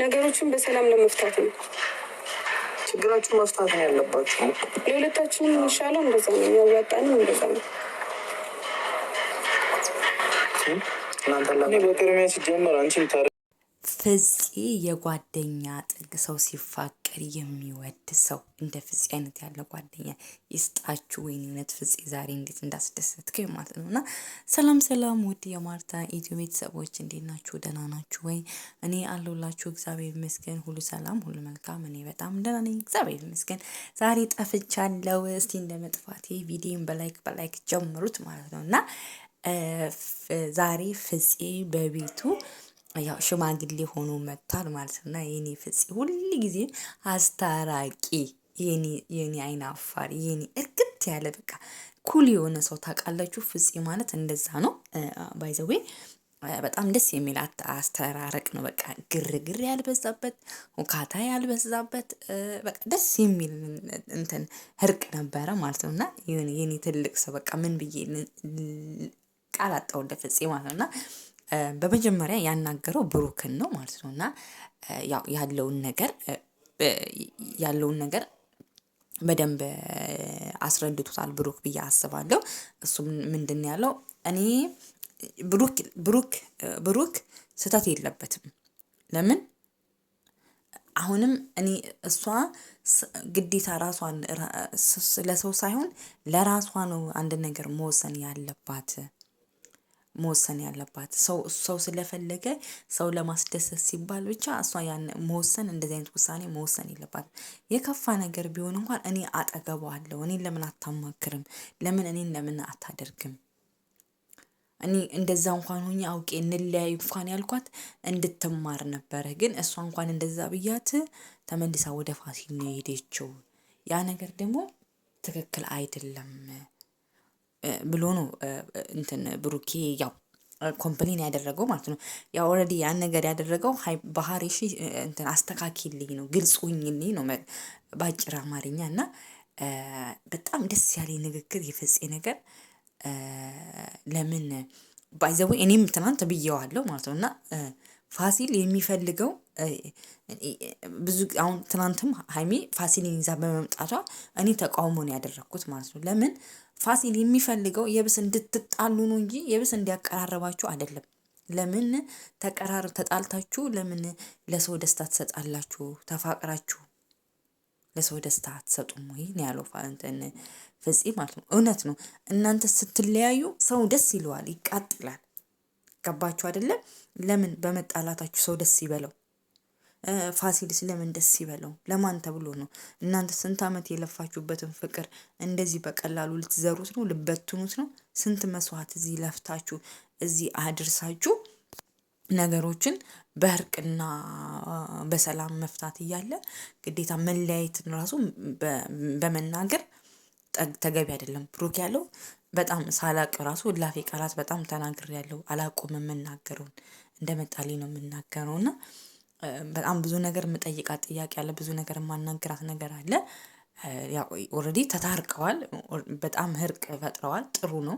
ነገሮችን በሰላም ለመፍታት ነው። ችግራችሁ መፍታት ነው ያለባችሁ። ለሁለታችሁም የሚሻለው እንደዛ ነው፣ የሚያዋጣንም እንደዛ ነው። እናንተ በቅድሚያ ሲጀመር አንቺ ፍፄ የጓደኛ ጥግ ሰው ሲፋቀር የሚወድ ሰው እንደ ፍፄ አይነት ያለ ጓደኛ ይስጣችሁ። ወይን እውነት ፍፄ ዛሬ እንዴት እንዳስደሰትከኝ ማለት ነው። እና ሰላም ሰላም፣ ውድ የማርታ ኢትዮ ቤተሰቦች እንዴት ናችሁ? ደህና ናችሁ ወይ? እኔ አለሁላችሁ። እግዚአብሔር ይመስገን፣ ሁሉ ሰላም፣ ሁሉ መልካም። እኔ በጣም ደህና ነኝ፣ እግዚአብሔር ይመስገን። ዛሬ ጠፍቻለሁ። እስቲ እንደ መጥፋቴ ቪዲዮን በላይክ በላይክ ጀምሩት ማለት ነው እና ዛሬ ፍፄ በቤቱ ያው ሽማግሌ ሆኖ መጥቷል ማለት ነው። የኔ ፍጽ ሁል ጊዜ አስታራቂ፣ የኔ አይን አፋር፣ የኔ እርግት ያለ በቃ ኩል የሆነ ሰው ታውቃላችሁ። ፍጽ ማለት እንደዛ ነው። ባይዘዌ በጣም ደስ የሚል አስተራረቅ ነው። በቃ ግርግር ያልበዛበት፣ ሁካታ ያልበዛበት በቃ ደስ የሚል እንትን እርቅ ነበረ ማለት ነው እና የኔ ትልቅ ሰው በቃ ምን ብዬ ቃል አጣሁለት ፍፄ ማለት ነው እና በመጀመሪያ ያናገረው ብሩክን ነው ማለት ነው እና ያለውን ነገር ያለውን ነገር በደንብ አስረድቶታል ብሩክ ብዬ አስባለሁ። እሱም ምንድን ያለው እኔ ብሩክ ብሩክ ብሩክ ስህተት የለበትም። ለምን አሁንም እኔ እሷ ግዴታ ራሷን ለሰው ሳይሆን ለራሷ ነው አንድ ነገር መወሰን ያለባት። መወሰን ያለባት ሰው ስለፈለገ ሰው ለማስደሰት ሲባል ብቻ እሷ ያን መወሰን እንደዚህ አይነት ውሳኔ መወሰን የለባት። የከፋ ነገር ቢሆን እንኳን እኔ አጠገቧ አለሁ። እኔን ለምን አታማክርም? ለምን እኔን ለምን አታደርግም? እኔ እንደዛ እንኳን ሆኜ አውቄ እንለያይ እንኳን ያልኳት እንድትማር ነበረ። ግን እሷ እንኳን እንደዛ ብያት ተመልሳ ወደ ፋሲል ነው የሄደችው። ያ ነገር ደግሞ ትክክል አይደለም። ብሎ ነው እንትን ብሩኬ ያው ኮምፕሊን ያደረገው ማለት ነው። ያ ኦልሬዲ ያን ነገር ያደረገው ባህሪ ሺ እንትን አስተካኪልኝ ነው፣ ግልጽ ሁኝልኝ ነው በአጭር አማርኛ እና በጣም ደስ ያለ ንግግር የፈፄ ነገር ለምን ባይዘዌ እኔም ትናንት ብየዋለሁ ማለት ነው እና ፋሲል የሚፈልገው ብዙ አሁን ትናንትም ሀይሜ ፋሲልን ይዛ በመምጣቷ እኔ ተቃውሞ ነው ያደረግኩት ማለት ነው ለምን ፋሲል የሚፈልገው የብስ እንድትጣሉ ነው እንጂ የብስ እንዲያቀራረባችሁ አይደለም። ለምን ተቀራር ተጣልታችሁ ለምን ለሰው ደስታ ትሰጣላችሁ? ተፋቅራችሁ ለሰው ደስታ አትሰጡም ወይ ነው ያለው እንትን ፍጺ ማለት ነው። እውነት ነው። እናንተ ስትለያዩ ሰው ደስ ይለዋል፣ ይቃጥላል። ገባችሁ አይደለም? ለምን በመጣላታችሁ ሰው ደስ ይበለው። ፋሲልስ ለምን ደስ ይበለው? ለማን ተብሎ ነው? እናንተ ስንት ዓመት የለፋችሁበትን ፍቅር እንደዚህ በቀላሉ ልትዘሩት ነው? ልበትኑት ነው? ስንት መስዋዕት እዚህ ለፍታችሁ እዚህ አድርሳችሁ ነገሮችን በእርቅና በሰላም መፍታት እያለ ግዴታ መለያየትን ራሱ በመናገር ተገቢ አይደለም። ብሩክ ያለው በጣም ሳላቅ ራሱ ላፌ ቃላት በጣም ያለው አላቆም የምናገረውን እንደመጣልኝ ነው የምናገረው በጣም ብዙ ነገር የምጠይቃት ጥያቄ አለ። ብዙ ነገር የማናግራት ነገር አለ። ኦልሬዲ ተታርቀዋል። በጣም እርቅ ፈጥረዋል። ጥሩ ነው።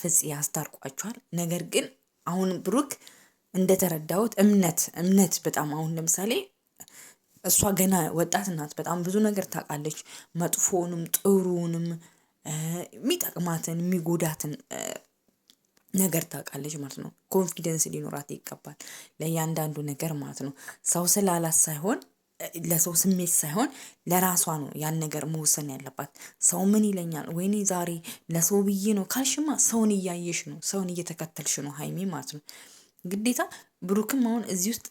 ፍጽ ያስታርቋቸዋል። ነገር ግን አሁን ብሩክ እንደተረዳሁት እምነት እምነት በጣም አሁን ለምሳሌ እሷ ገና ወጣት ናት። በጣም ብዙ ነገር ታውቃለች። መጥፎውንም ጥሩውንም የሚጠቅማትን የሚጎዳትን ነገር ታውቃለች ማለት ነው። ኮንፊደንስ ሊኖራት ይገባል ለእያንዳንዱ ነገር ማለት ነው። ሰው ስላላት ሳይሆን ለሰው ስሜት ሳይሆን ለራሷ ነው ያን ነገር መወሰን ያለባት። ሰው ምን ይለኛል፣ ወይኔ ዛሬ ለሰው ብዬ ነው ካልሽማ፣ ሰውን እያየሽ ነው፣ ሰውን እየተከተልሽ ነው ሀይሚ ማለት ነው። ግዴታ ብሩክም አሁን እዚህ ውስጥ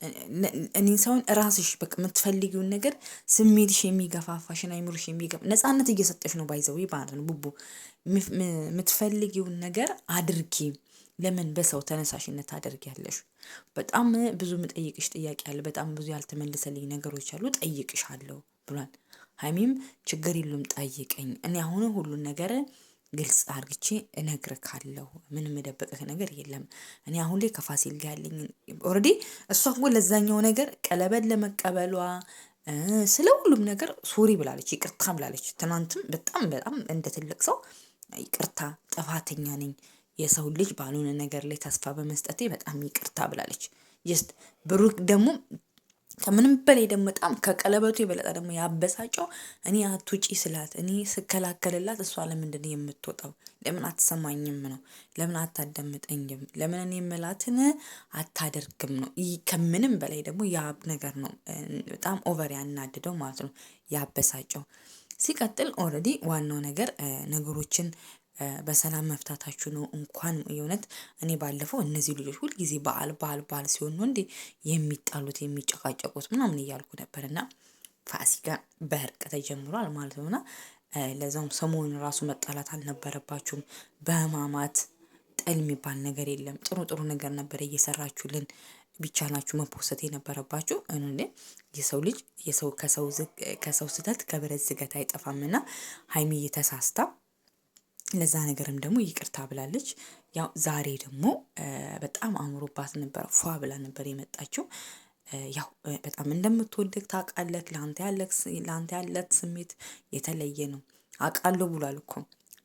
እኔ ሳይሆን ራስሽ በቃ የምትፈልጊውን ነገር ስሜትሽ የሚገፋፋሽን አይምሮሽ የሚገፋ ነፃነት እየሰጠሽ ነው ባይዘዊ ማለት ነው። ቡቡ የምትፈልጊውን ነገር አድርጊ። ለምን በሰው ተነሳሽነት ታደርጊያለሽ? በጣም ብዙ ምጠይቅሽ ጥያቄ አለ። በጣም ብዙ ያልተመለሰልኝ ነገሮች አሉ። ጠይቅሻለሁ ብሏል። ሀይሚም ችግር የለውም ጠይቀኝ፣ እኔ አሁን ሁሉን ነገር ግልጽ አርግቼ እነግርካለሁ። ምንም የደበቀህ ነገር የለም። እኔ አሁን ላይ ከፋሲል ጋር ያለኝ ኦልሬዲ እሷ እኮ ለዛኛው ነገር ቀለበት ለመቀበሏ ስለ ሁሉም ነገር ሶሪ ብላለች፣ ይቅርታ ብላለች። ትናንትም በጣም በጣም እንደ ትልቅ ሰው ይቅርታ ጥፋተኛ ነኝ የሰው ልጅ ባልሆነ ነገር ላይ ተስፋ በመስጠቴ በጣም ይቅርታ ብላለች። ጀስት ብሩክ ደግሞ ከምንም በላይ ደግሞ በጣም ከቀለበቱ የበለጠ ደግሞ ያበሳጨው እኔ አትውጪ ስላት እኔ ስከላከልላት እሷ ለምንድን የምትወጣው? ለምን አትሰማኝም ነው? ለምን አታዳምጠኝም? ለምን እኔ የምላትን አታደርግም ነው? ከምንም በላይ ደግሞ ያ ነገር ነው በጣም ኦቨር ያናድደው ማለት ነው ያበሳጨው። ሲቀጥል ኦልሬዲ ዋናው ነገር ነገሮችን በሰላም መፍታታችሁ ነው። እንኳን የእውነት እኔ ባለፈው እነዚህ ልጆች ሁልጊዜ በዓል በዓል በዓል ሲሆን ነው እንዴ የሚጣሉት የሚጨቃጨቁት ምናምን እያልኩ ነበር። እና ፋሲካ በእርቅ ተጀምሯል ማለት ነው። እና ለዛውም ሰሞኑን ራሱ መጣላት አልነበረባችሁም በህማማት ጥል የሚባል ነገር የለም። ጥሩ ጥሩ ነገር ነበር እየሰራችሁልን ቢቻላችሁ መፖሰት የነበረባችሁ እንዴ የሰው ልጅ የሰው ከሰው ከሰው ስህተት ከብረት ዝገት አይጠፋምና ሀይሚ ተሳስታ ለዛ ነገርም ደግሞ ይቅርታ ብላለች። ያው ዛሬ ደግሞ በጣም አምሮባት ነበረ፣ ፏ ብላ ነበር የመጣችው። ያው በጣም እንደምትወደግ ታውቃለህ። ለአንተ ያለት ስሜት የተለየ ነው አውቃለሁ ብሏል እኮ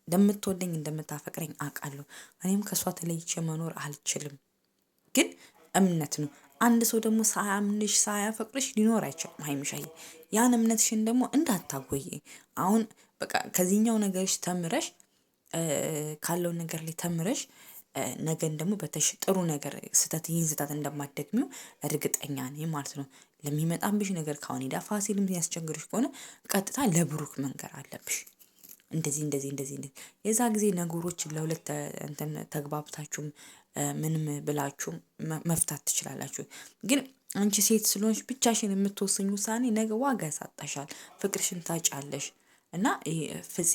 እንደምትወደኝ እንደምታፈቅረኝ አውቃለሁ። እኔም ከእሷ ተለይቼ መኖር አልችልም፣ ግን እምነት ነው። አንድ ሰው ደግሞ ሳያምንሽ ሳያፈቅርሽ ሊኖር አይችልም። ሀይሚሻዬ ያን እምነትሽን ደግሞ እንዳታጎይ። አሁን በቃ ከዚህኛው ነገርሽ ተምረሽ ካለው ነገር ላይ ተምረሽ ነገን ደግሞ በተሽ ጥሩ ነገር ስህተት ይህን ስህተት እንደማትደግሚው እርግጠኛ ነኝ ማለት ነው። ለሚመጣብሽ ነገር ከአሁን ሄዳ ፋሲልም ያስቸግርሽ ከሆነ ቀጥታ ለብሩክ መንገር አለብሽ። እንደዚህ እንደዚህ እንደዚህ እንደዚህ የዛ ጊዜ ነገሮች ለሁለት እንትን ተግባብታችሁም ምንም ብላችሁ መፍታት ትችላላችሁ። ግን አንቺ ሴት ስለሆንሽ ብቻሽን የምትወስኝ ውሳኔ ነገ ዋጋ ያሳጣሻል፣ ፍቅርሽን ታጫለሽ። እና ይሄ ፍፄ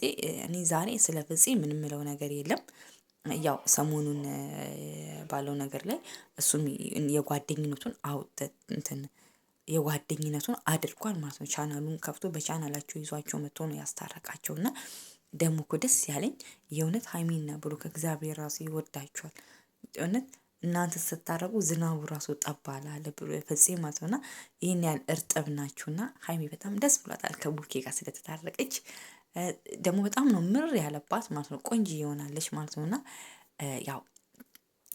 እኔ ዛሬ ስለ ፍፄ ምንም ነገር የለም። ያው ሰሞኑን ባለው ነገር ላይ እሱም የጓደኝነቱን አውጥ እንትን የጓደኝነቱን አድርጓል ማለት ነው። ቻናሉን ከፍቶ በቻናላቸው ይዟቸው መጥቶ ነው ያስታረቃቸው። እና ደግሞ እኮ ደስ ያለኝ የእውነት ሀይሚና ብሩክ እግዚአብሔር ራሱ ይወዳቸዋል። እውነት እናንተ ስታረጉ ዝናቡ ራሱ ጠባላ ለፍፄ ማለት ነውና ይህን ያህል እርጥብ ናችሁና ሀይሜ በጣም ደስ ብሏታል ከቡኬ ጋር ስለተታረቀች። ደግሞ በጣም ነው ምር ያለባት ማለት ነው። ቆንጆ ይሆናለች ማለት ነውና ያው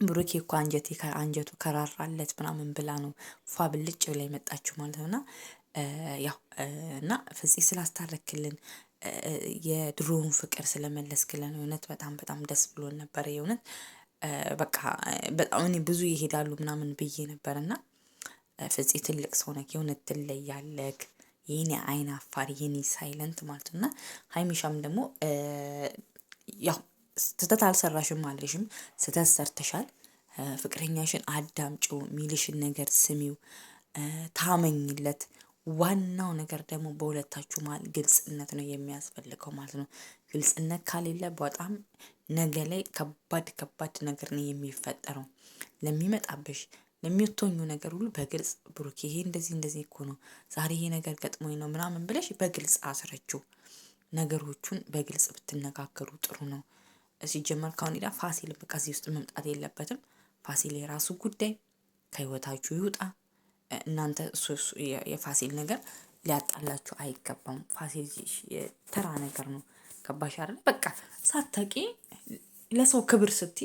ብሩኬ እኮ አንጀቴ አንጀቱ ከራራለት ምናምን ብላ ነው ፏ ብልጭ ብላ የመጣችሁ ማለት ነውና ያው እና ፍፄ ስላስታረክልን የድሮውን ፍቅር ስለመለስክልን እውነት በጣም በጣም ደስ ብሎን ነበረ የእውነት በቃ በጣም እኔ ብዙ ይሄዳሉ ምናምን ብዬ ነበር እና ፍፄ ትልቅ ሰው ነክ የሆነ ትለያለክ የኔ አይን አፋር የኔ ሳይለንት ማለት ነው እና ሀይሚሻም ደግሞ ያው ስህተት አልሰራሽም አለሽም ስህተት ሰርተሻል። ፍቅረኛሽን አዳምጪው፣ ሚልሽን ነገር ስሚው፣ ታመኝለት። ዋናው ነገር ደግሞ በሁለታችሁ መሀል ግልጽነት ነው የሚያስፈልገው ማለት ነው። ግልጽነት ካሌለ በጣም ነገ ላይ ከባድ ከባድ ነገር ነው የሚፈጠረው። ለሚመጣብሽ ለሚወቶኙ ነገር ሁሉ በግልጽ ብሩክ ይሄ እንደዚህ እንደዚህ እኮ ነው ዛሬ ይሄ ነገር ገጥሞኝ ነው ምናምን ብለሽ በግልጽ አስረችው። ነገሮቹን በግልጽ ብትነጋገሩ ጥሩ ነው። ሲጀመር ከአሁን ሄዳ ፋሲል በቃ እዚህ ውስጥ መምጣት የለበትም። ፋሲል የራሱ ጉዳይ ከህይወታችሁ ይውጣ። እናንተ የፋሲል ነገር ሊያጣላችሁ አይገባም። ፋሲል ተራ ነገር ነው ገባሽ አይደል? በቃ ሳታቂ ለሰው ክብር ስቲ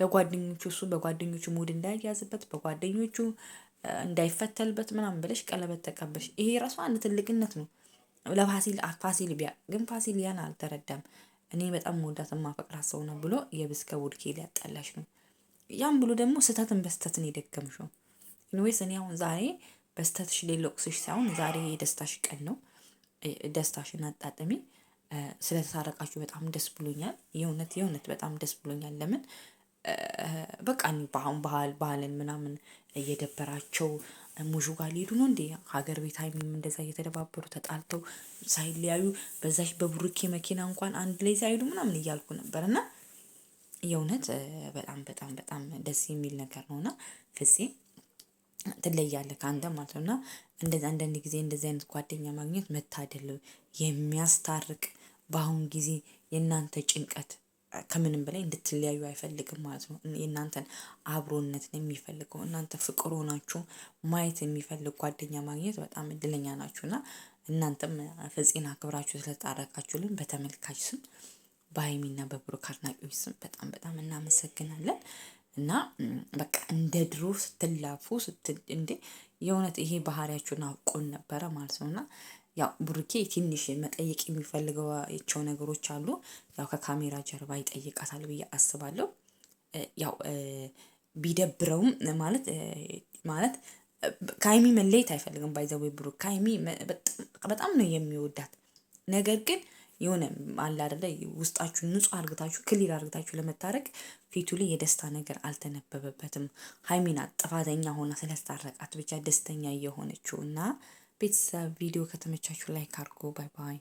ለጓደኞቹ እሱ በጓደኞቹ ሙድ እንዳይያዝበት በጓደኞቹ እንዳይፈተልበት ምናምን ብለሽ ቀለበት ተቀበሽ። ይሄ ራሱ አንድ ትልቅነት ነው። ለፋሲል ፋሲል ቢያ ግን ፋሲል ያን አልተረዳም። እኔ በጣም መወዳት የማፈቅራት ሰው ነው ብሎ የብስከ ውድኬ ሊያጣላሽ ነው። ያም ብሎ ደግሞ ስህተትን በስህተትን የደገምሽው። ኢንዌይስ እኔ አሁን ዛሬ በስህተትሽ ሌለቁስሽ ሳይሆን ዛሬ የደስታሽ ቀን ነው። ደስታሽን አጣጥሜ ስለተታረቃችሁ በጣም ደስ ብሎኛል። የእውነት የእውነት በጣም ደስ ብሎኛል። ለምን በቃ በአሁን ባህል ባህልን ምናምን እየደበራቸው ሙሹ ጋር ሊሄዱ ነው እንዴ? ሀገር ቤት ሀይሚም እንደዛ እየተደባበሩ ተጣልተው ሳይለያዩ በዛች በብሩኬ መኪና እንኳን አንድ ላይ ሳይሄዱ ምናምን እያልኩ ነበር እና የእውነት በጣም በጣም በጣም ደስ የሚል ነገር ነው እና ፍፄ ትለያለህ ከአንተ ማለት ነው እና አንዳንድ ጊዜ እንደዚህ አይነት ጓደኛ ማግኘት መታደል የሚያስታርቅ በአሁን ጊዜ የእናንተ ጭንቀት ከምንም በላይ እንድትለያዩ አይፈልግም ማለት ነው። የእናንተን አብሮነት ነው የሚፈልገው። እናንተ ፍቅር ሆናችሁ ማየት የሚፈልግ ጓደኛ ማግኘት በጣም እድለኛ ናችሁ እና እናንተም ፍፄን አክብራችሁ ስለታረቃችሁልን በተመልካች ስም በሀይሚና በብሩክ አድናቂዎች ስም በጣም በጣም እናመሰግናለን። እና በቃ እንደ ድሮ ስትላፉ እንዴ የእውነት ይሄ ባህሪያችሁን አውቆን ነበረ ማለት ነው እና ያው ብሩኬ ትንሽ መጠየቅ የሚፈልገቸው ነገሮች አሉ። ያው ከካሜራ ጀርባ ይጠይቃታል ብዬ አስባለሁ። ያው ቢደብረውም ማለት ማለት ከሀይሚ መለየት አይፈልግም። ባይ ዘ ብሩክ ከሀይሚ በጣም ነው የሚወዳት። ነገር ግን የሆነ አለ አይደለ ውስጣችሁ ንጹህ አርግታችሁ ክሊር አርግታችሁ ለመታረቅ ፊቱ ላይ የደስታ ነገር አልተነበበበትም። ሀይሚና ጥፋተኛ ሆና ስለታረቃት ብቻ ደስተኛ የሆነችው እና ቤተሰብ ቪዲዮ ከተመቻችሁ ላይክ አድርጎ ባይ ባይ